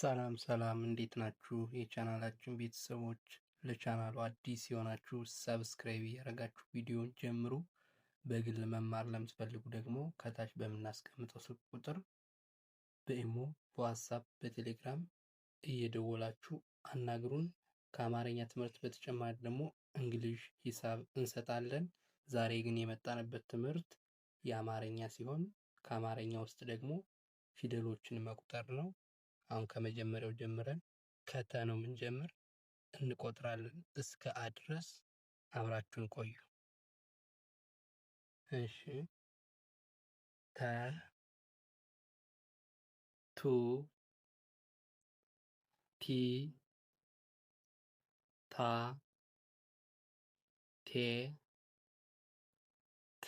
ሰላም ሰላም፣ እንዴት ናችሁ የቻናላችን ቤተሰቦች? ለቻናሉ አዲስ የሆናችሁ ሰብስክራይብ እያደረጋችሁ ቪዲዮን ጀምሩ። በግል መማር ለምትፈልጉ ደግሞ ከታች በምናስቀምጠው ስልክ ቁጥር በኢሞ፣ በዋትሳፕ፣ በቴሌግራም እየደወላችሁ አናግሩን። ከአማርኛ ትምህርት በተጨማሪ ደግሞ እንግሊዥ፣ ሂሳብ እንሰጣለን። ዛሬ ግን የመጣንበት ትምህርት የአማርኛ ሲሆን ከአማርኛ ውስጥ ደግሞ ፊደሎችን መቁጠር ነው። አሁን ከመጀመሪያው ጀምረን ከተ ነው የምንጀምር። እንቆጥራለን እስከ አ ድረስ አብራችሁን ቆዩ። እሺ ተ ቱ ቲ ታ ቴ ት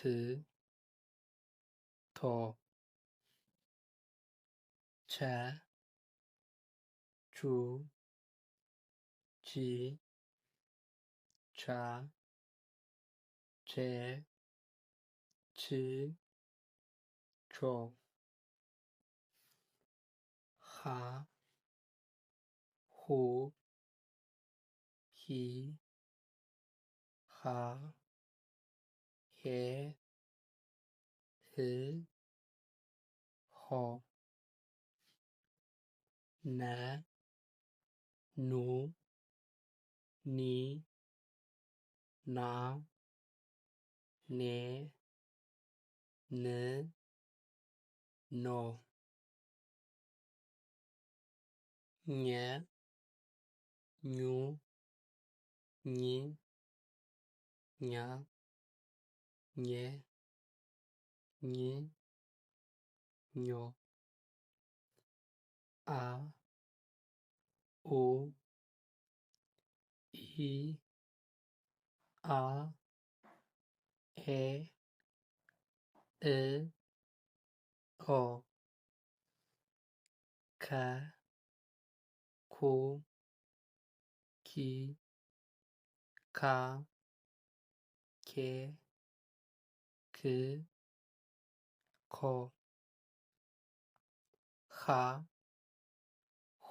ቶ ቸ 竹、荠、茶、芥、菊、种、蛤、狐、皮、蛤、蟹、皮、蚝、奶。ኑ ኒ ና ኔ ን ኖ ኘ ኙ ኚ ኛ ኘ ኝ ኞ አ ኦ ኢ አ ኤ እ ኦ ከ ኩ ኪ ካ ኬ ክ ኮ ኻ ሁ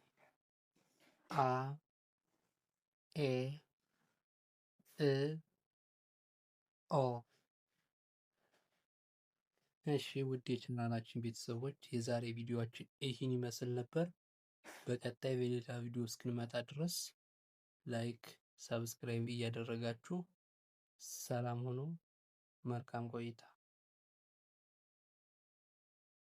አ ኤ እ ኦ እሺ ውድ የቻናላችን ቤተሰቦች የዛሬ ቪዲዮችን ይህን ይመስል ነበር። በቀጣይ በሌላ ቪዲዮ እስክንመጣ ድረስ ላይክ፣ ሰብስክራይብ እያደረጋችሁ ሰላም ሆኖ መልካም ቆይታ